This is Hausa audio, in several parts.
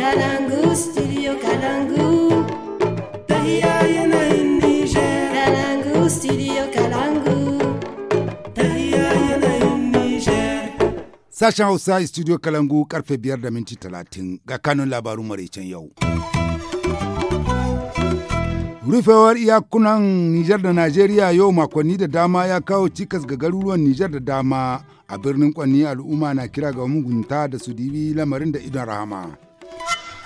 Kalangu, Sashen Hausa studio Kalangu karfe biyar da minti talatin ga kanun labarun maraicen yau. rufewar iyakunan Nijar da Najeriya yau makonni da dama ya kawo cikas ga garuruwan Nijar da dama a birnin kwanni al'umma na kira ga mugunta da su dibi lamarin da idon rahama.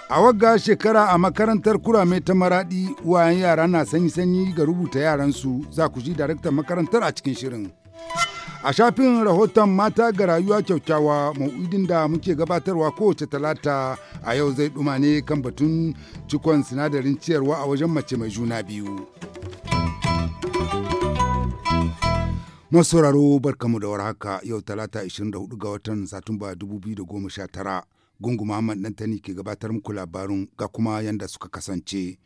A wagga shekara a makarantar kurame ta maraɗi wayan yara na sanyi-sanyi ga rubuta yaransu za ku ji daraktan makarantar a cikin shirin. A shafin rahoton mata ga rayuwa kyaukyawa mau'idin da muke gabatarwa kowace talata a yau zai ne kan batun cikon sinadarin ciyarwa a wajen mace mai juna biyu. Masauraro barkamu da warhaka yau talata 24 ga watan Satumba 2019. Gungu Muhammad Dantani ke gabatar muku labarun ga kuma yanda suka kasance.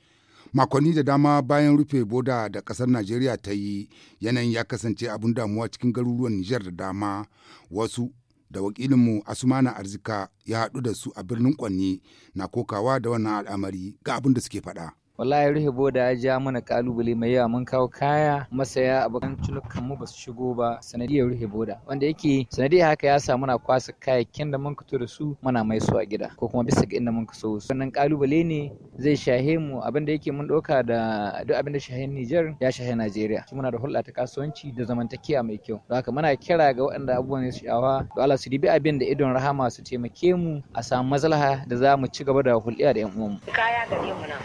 Makonni da dama bayan rufe boda da ƙasar Najeriya ta yi, yanayin ya kasance abin damuwa cikin garuruwan Nijar da dama. Wasu da wakilinmu Asumana Arzika ya haɗu da su a birnin Kwanni na kokawa da wannan al'amari ga abin da suke faɗa. wallahi rufe boda ya ja mana kalubale mai yawa mun kawo kaya masaya abokan cinikan mu su shigo ba sanadiyar rufe boda wanda yake sanadiyar haka ya sa muna kwasa kayayyakin da mun fito da su muna mai su a gida ko kuma bisa ga inda mun so su wannan kalubale ne zai shahe mu abin da yake mun doka da duk abin da shahe Niger ya shahe Najeriya muna da hulɗa ta kasuwanci da zamantakewa mai kyau don haka muna kira ga waɗanda abubuwan ya sha'awa to Allah su dibi abin da idon rahama su taimake mu a samu mazalha da za mu ci gaba da hulɗa da 'yan uwanmu kaya gare mu nan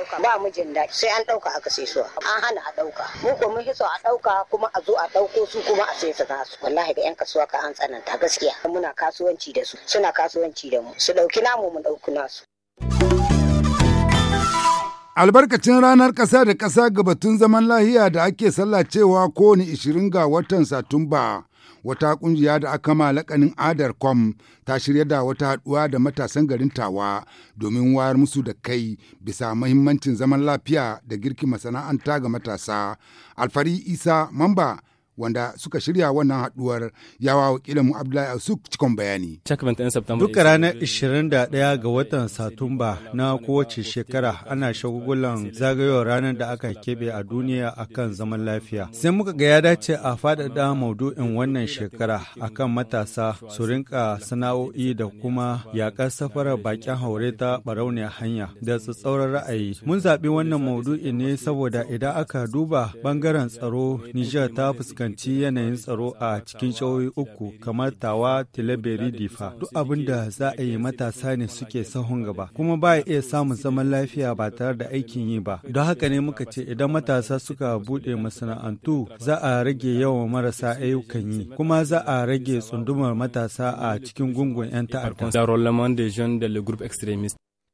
ɗauka ba mu jin sai an ɗauka aka sai suwa an hana a ɗauka mu ko mun hiso a ɗauka kuma a zo a ɗauko su kuma a sai su nasu wallahi ga 'yan kasuwa ka an tsananta gaskiya muna kasuwanci da su suna kasuwanci da mu su ɗauki namu mu ɗauki nasu. albarkacin ranar ƙasa da ƙasa ga batun zaman lahiya da ake sallacewa kowane 20 ga watan satumba wata kungiya da aka ma adar com ta shirya da wata haɗuwa da matasan garin tawa domin wayar musu da kai bisa mahimmancin zaman lafiya da girki masana'anta ga matasa alfari isa mamba wanda suka shirya wannan haduwar yawa wakilin mu Abdullahi Asuk cikon bayani. Duka ranar 21 ga watan Satumba na kowace shekara ana shagugulan zagayowar ranar da aka keɓe a duniya akan zaman lafiya. Sai muka ga ya dace a faɗaɗa maudu'in wannan shekara akan matasa su rinka sana'o'i da kuma yaƙar safarar bakin haure ta barauniya hanya da tsatsauran ra'ayi. Mun zaɓi wannan maudu'i ne saboda idan aka duba bangaren tsaro Nijar ta fuskanci fuskanci yanayin tsaro a cikin shawoyi uku kamar tawa tilaberi difa duk abin da za a yi matasa ne suke sahun gaba kuma ba ya iya samun zaman lafiya ba tare da aikin yi ba don haka ne muka ce idan matasa suka buɗe masana'antu za a rage yawan marasa ayyukan yi kuma za a rage tsundumar matasa a cikin gungun 'yan ta'adda.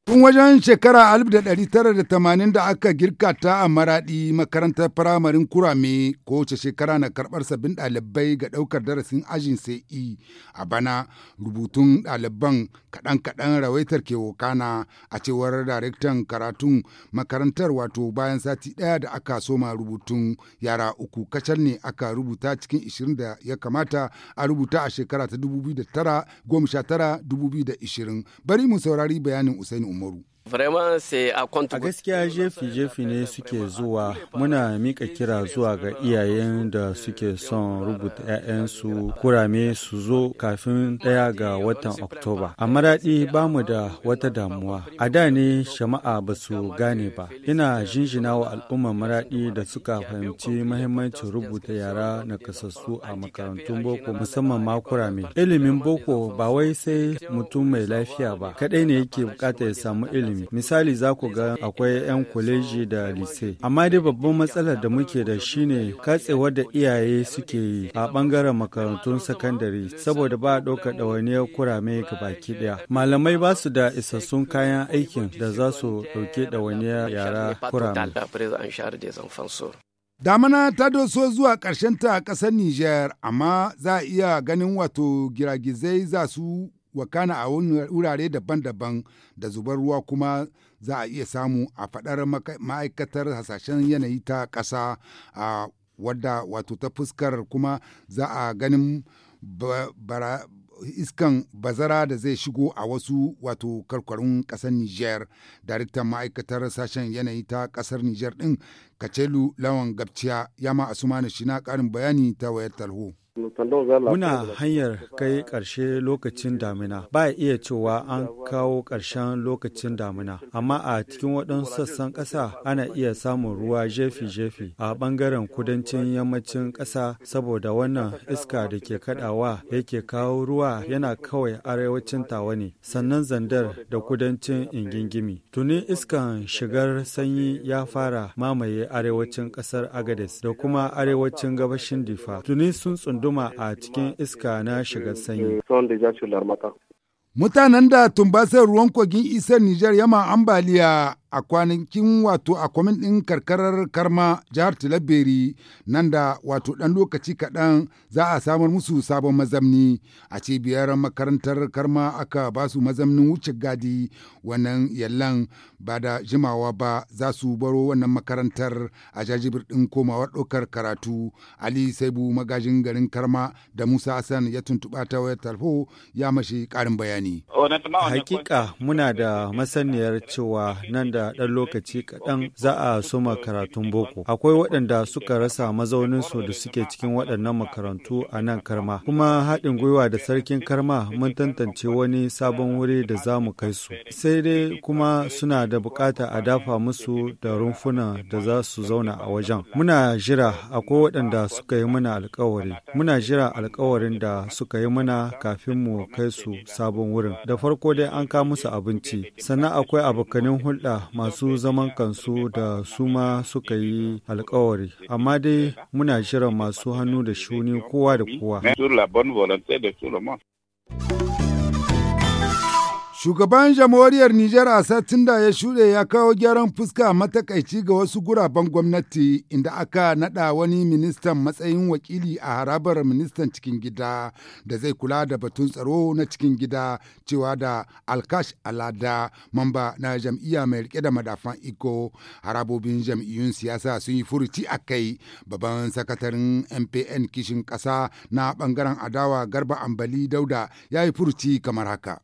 Tun wajen shekara 1980 da aka girka ta a maraɗi makarantar firamarin kurame kowace shekara na karɓar sabbin ɗalibai ga ɗaukar darasin ajin sai e. a bana rubutun ɗaliban kaɗan-kaɗan rawaitar kewokana a cewar daraktan karatun makarantar wato bayan sati ɗaya da aka soma rubutun yara uku kacal ne aka rubuta cikin 20 da ya kamata a rubuta a shekara ta 2019-2020 bari mu saurari bayanin usaini Moru A gaskiya jefi-jefi ne suke zuwa muna mika kira zuwa ga iyayen da suke son rubuta 'ya'yansu kurame su zo kafin ɗaya ga watan Oktoba. A maraɗi ba mu da wata damuwa. A da ne shama'a ba su gane ba. Ina jinjina wa al'ummar maraɗi da suka fahimci mahimmancin rubuta yara nakasassu a makarantun boko musamman ma kurame. Ilimin boko ba wai sai mutum mai lafiya ba. Kaɗai ne yake bukata ya samu ilimi. ilimi misali za ku ga akwai 'yan kwaleji da lise amma dai babban matsalar da muke da shine katsewar da iyaye suke yi a bangaren makarantun sakandare saboda ba a ɗaukar ɗawainiyar kurame ga baki ɗaya malamai ba su da isassun kayan aikin da za su ɗauke ɗawainiyar yara kurame Damana ta doso zuwa ƙarshen ta a ƙasar niger amma za a iya ganin wato giragizai za su wakana a wurare daban-daban da zubar ruwa kuma za a iya samu a fadar ma'aikatar hasashen yanayi ta ƙasa a wadda wato ta fuskar kuma za a ganin iskan bazara da zai shigo a wasu wato karkarun ƙasar Nijar. Daraktan ma'aikatar sashen yanayi ta ƙasar Nijar ɗin Kacelu Lawan Gabciya ya ma Asumani shi na ƙarin bayani ta wayar talho. Muna hanyar kai ƙarshe lokacin damina, ba iya cewa an kawo ƙarshen lokacin damina, amma a cikin waɗansu sassan ƙasa ana iya samun ruwa jefi-jefi a ɓangaren kudancin yammacin ƙasa saboda wannan iska da ke kaɗawa yake kawo ruwa yana kawai arewacin tawa ne, sannan zandar da kudancin ingingimi. Tuni iskan shigar sanyi ya fara mamaye arewacin ƙasar Agades da kuma arewacin gabashin Difa. Tuni sun tsundu guduma a cikin iska na shiga sanyi. Mutanen da tumbasar ruwan kogin isar Nijar yama ambaliya a kwanakin wato a kwamin ɗin karkarar karma jihar tilabberi nan da wato ɗan lokaci kaɗan za a samar musu sabon mazamni a cibiyar makarantar karma aka ba su mazamnin wuce gadi wannan yallan ba da jimawa ba za su baro wannan makarantar a jajibir ɗin komawar ɗaukar karatu Ali Saibu magajin garin karma da Musa Hassan ya tuntuɓa ta wayar tarho ya mashi ƙarin bayani. Hakika muna da masaniyar cewa nan da da ɗan lokaci kaɗan za a soma karatun boko. Akwai waɗanda suka rasa mazauninsu da suke cikin waɗannan makarantu a nan karma. Kuma haɗin gwiwa da sarkin karma mun tantance wani sabon wuri da za mu kai su. Sai dai kuma suna da bukata a dafa musu da rumfuna da za su zauna a wajen. Muna jira akwai waɗanda suka yi mana alkawari. Muna jira alkawarin da suka yi mana kafin mu kai su sabon wurin. Da farko dai an kawo musu abinci. Sannan akwai abokanin hulɗa masu zaman kansu da suma suka yi alkawari amma dai muna shirin masu hannu da shuni kowa da kowa Shugaban jamhuriyar Nijar a satin da ya shuɗe ya kawo gyaran fuska matakaici ga wasu guraben gwamnati inda aka naɗa wani ministan matsayin wakili a harabar ministan cikin gida da zai kula da batun tsaro na cikin gida cewa da Alkash Alada mamba na jam'iyya mai rike da madafan iko harabobin jam'iyyun siyasa sun yi furuci a kai babban sakataren MPN kishin ƙasa na ɓangaren adawa Garba Ambali Dauda ya yi furuci kamar haka.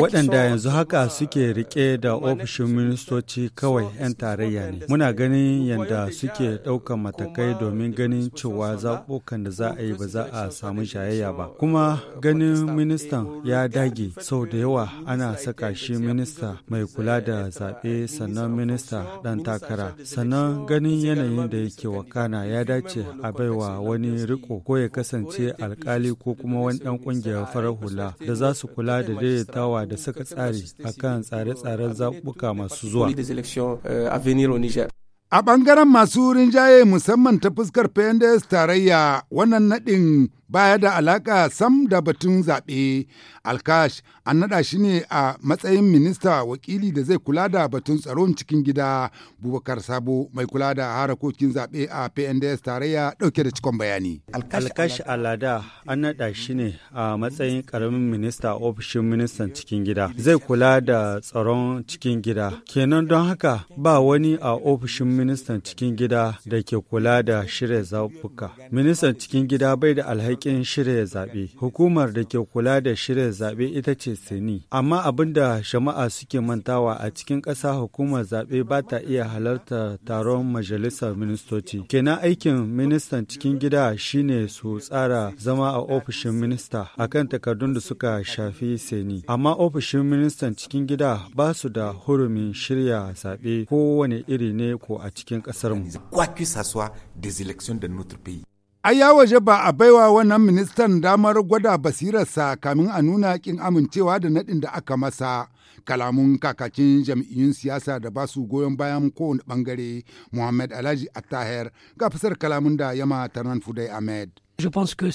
Waɗanda yanzu haka suke rike da ofishin ministoci kawai 'yan tarayya ne. Muna ganin yadda suke ɗaukan matakai domin ganin cewa zaɓukan da za a yi ba za a samu shayayya ba. Kuma ganin ministan ya dage sau da yawa ana saka shi minista mai kula da zaɓe sannan minista ɗan takara. Sannan ganin yanayin da yake wakana ya dace a baiwa wani riko ko ya kasance alkali ko kuma wani ɗan ƙungiyar farar hula da za su kula da dai daidaitawa da saka tsari akan tsare-tsaren zaɓuɓɓuka masu zuwa. Euh, a ɓangaren masu rinjaye musamman ta fuskar PNDS tarayya wannan naɗin baya da alaka sam da batun zaɓe. Alkash an naɗa shi ne a matsayin minista wakili da zai kula da batun tsaron cikin gida. Bubakar Sabo mai kula da harakokin zaɓe a PNDS tarayya ɗauke da cikon bayani. Alkash Alada an naɗa shi ne a matsayin ƙaramin minista ofishin ministan cikin gida. Zai kula da tsaron cikin gida. Kenan don haka ba wani a ofishin ministan cikin gida da ke kula da shirya zaɓuka. Ministan cikin gida bai da alhaki haƙƙin shirya zaɓe. Hukumar da ke kula da shirya zaɓe ita ce sini Amma abin da jama'a suke mantawa a cikin ƙasa hukumar zaɓe ba ta iya halarta taron majalisar ministoci. Kenan aikin ministan cikin gida shine su tsara zama a ofishin minista akan takardun da suka shafi sini Amma ofishin ministan cikin gida ba su da hurumin shirya zaɓe kowane iri ne ko a cikin ƙasarmu. Quoi que ça soit des élections de notre pays. Ai ya waje ba a baiwa wannan ministan damar gwada basirarsa kamin a nuna kin amincewa da naɗin da aka masa. Kalamun kakakin jam'iyyun siyasa da ba su goyon bayan kowane bangare Muhammad Alhaji Attaher ga fasar kalamun da yama tarnan Fudai Ahmed.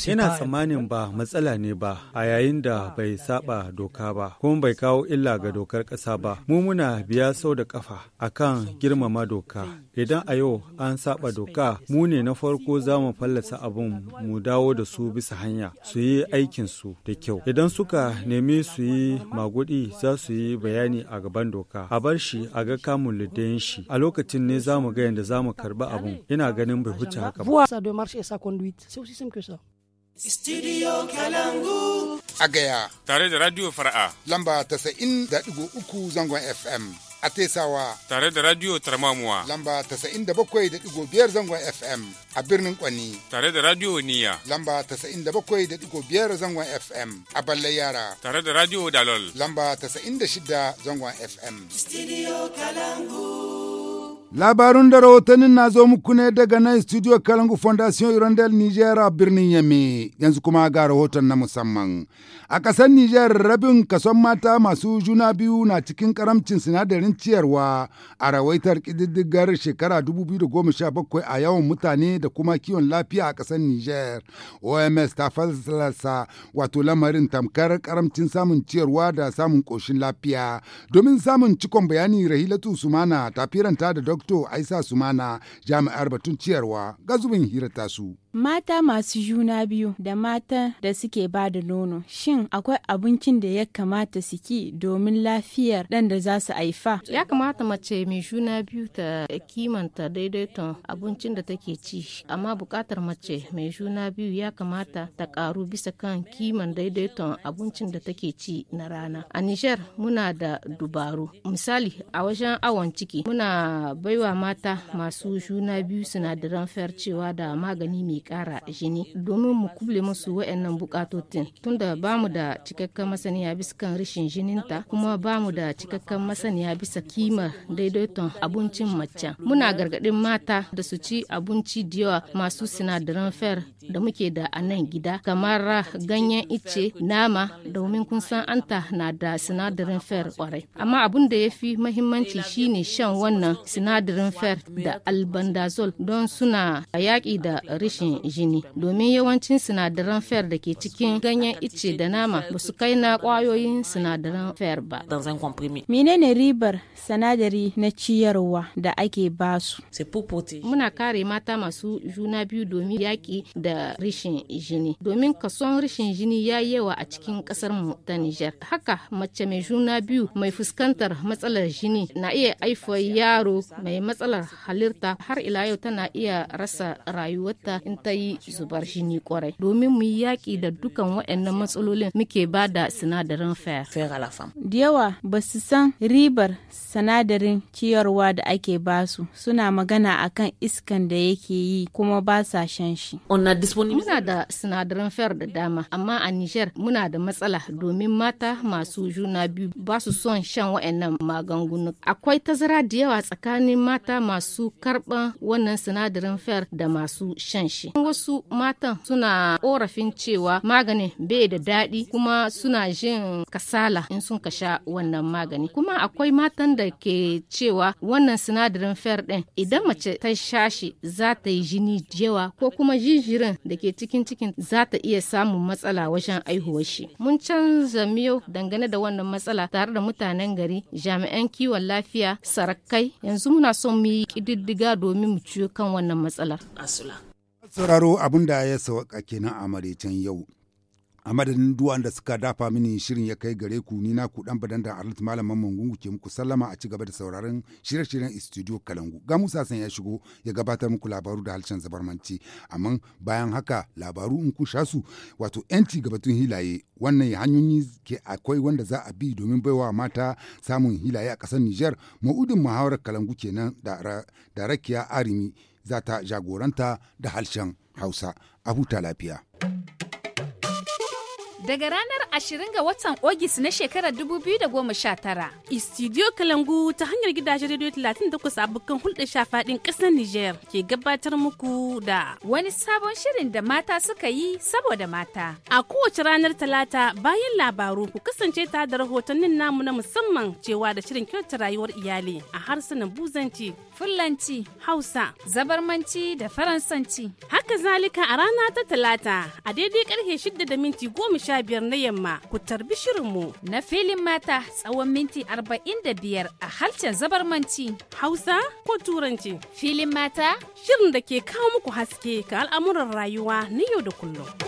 Ina tsammanin ba matsala ne ba a yayin da bai saba doka ba kuma bai kawo illa ga dokar ƙasa ba. Mu muna biya sau da ƙafa akan girmama doka. Idan a yau an saba doka mu ne na farko za mu fallasa abin mu dawo da su bisa hanya su yi aikinsu da kyau. Idan suka nemi su yi magudi za su yi bayani a gaban doka. A bar shi a ga kamun lidayen shi a lokacin ne za mu ga yadda za mu karɓi abin. Ina ganin bai huce haka ba. même que Studio Kalangu. A gaya. Tare da Radio Fara'a. Lamba da uku zangon FM. A Tesawa. Tare da Radio Tarmamuwa. Lamba da da biyar zangon FM. A birnin Kwani. Tare da Radio Niya. Lamba da da biyar zangon FM. A Balle Yara. Tare da Radio Dalol. Lamba da shida zangon FM. Studio Kalangu. Labarun da rahotannin na zo muku ne daga nan studio Kalangu Foundation Irondel Niger a birnin Yame yanzu kuma ga rahoton na musamman. A ƙasar Nijar, rabin kason mata masu juna biyu na cikin karamcin sinadarin ciyarwa a rawaitar ƙididdigar shekara 2017 a yawan mutane da kuma kiwon lafiya a ƙasar Nijar. OMS ta fasalasa wato lamarin tamkar karamcin samun ciyarwa da samun ƙoshin lafiya. Domin samun cikon bayani Rahilatu Sumana ta firanta da to yi sa su mana jami'ar batun ciyarwa ga zubin hirata su. Mata masu juna biyu da mata da suke ba da nono, shin akwai abincin da ya kamata su domin lafiyar ɗan da za su haifa? Ya kamata mace mai juna biyu ta kimanta daidaiton abincin da take ci, amma buƙatar mace mai juna biyu ya kamata ta ƙaru bisa kan kiman daidaiton abincin da take ci na rana. A Nijar muna da dubaru. Misali, a wajen awon ciki muna baiwa mata masu juna biyu sinadaran cewa da magani mai kara jini domin mu kuble musu wa'annan bukatotin tunda ba mu da cikakken masaniya bisa kan rashin jininta kuma ba mu da cikakken masaniya bisa kima daidaiton abincin macen muna gargadin mata da su ci abinci da yawa masu sinadaran fer da muke da a nan gida kamar ganyen ice nama domin kun san anta na da sinadarin fer kwarai amma abin da ya fi mahimmanci shine shan wannan sinadarin fer da albandazol don suna yaƙi da rashin jini domin yawancin sinadaran fer da ke cikin ganyen ice da nama ba su kai na kwayoyin sinadaran fer ba. Menene ribar sanadari na ciyarwa da ake ba su. Muna kare mata masu juna biyu domin yaƙi da rishin jini. Domin kason rishin jini ya yawa a cikin ƙasar mu ta Nijar. Haka mace mai juna biyu mai fuskantar matsalar jini na iya haifa yaro mai matsalar halitta har ila yau tana iya rasa rayuwarta in tayi ta yi zubar jini kwarai domin mu yi yaƙi da dukan waɗannan matsalolin muke ba da sinadarin fer. Da yawa ba su san ribar sinadarin ciyarwa da ake su. suna magana akan iskan da yake yi kuma ba sa shan shi. Muna da sinadarin fer da dama amma a Nijar muna da matsala domin mata masu juna biyu ba su son shan waɗannan magangunu Akwai tazara da yawa tsakanin mata masu karɓan wannan sinadarin fer da masu shan shi. shi wasu matan suna korafin cewa maganin bai da daɗi kuma suna jin kasala in sun ka sha wannan magani kuma akwai matan da ke cewa wannan sinadarin fer ɗin idan mace ta sha shi za ta yi jini yawa ko kuma jinjirin da ke cikin cikin za ta iya samun matsala wajen aihuwar shi mun canza miyo dangane da wannan matsala tare da mutanen gari jami'an kiwon lafiya sarakai yanzu muna son mu yi ƙididdiga domin mu ciyo kan wannan matsalar sauraro abin da ya sauka kenan a maraicen yau a madadin duwan da suka dafa mini shirin ya kai gare ku ni na ku dan badan da arlit malaman mangungu ke muku sallama a ci gaba da sauraron shirye-shiryen studio kalangu ga musa san ya shigo ya gabatar muku labaru da halshen zabarmanci amma bayan haka labaru in ku sha su wato yanci gabatun hilaye wannan hanyoyi ke akwai wanda za a bi domin baiwa mata samun hilaye a kasar nijar ma'udin muhawarar kalangu kenan da rakiya arimi za ta jagoranta da harshen Hausa a huta lafiya. Daga ranar 20 ga watan Ogis na shekarar 2019, Istidiyo Kalangu ta hanyar gidajen rediyo 38 abokan hulɗa shafaɗin ƙasar Nijar ke gabatar muku da wani sabon shirin da mata suka yi saboda mata. A kowace ranar talata bayan labaru ku kasance ta da rahotannin namu na musamman cewa da shirin kyautar rayuwar iyali a harsunan buzanci Fulanci, Hausa, Zabarmanci da Faransanci. Haka zalika a rana ta Talata a daidai karfe shida da minti goma sha biyar na yamma ku tarbi shirinmu na filin mata tsawon minti arba'in da biyar a harshen Zabarmanci, Hausa ko Turanci. Filin mata shirin da ke kawo muku haske ga al'amuran rayuwa na yau da kullum.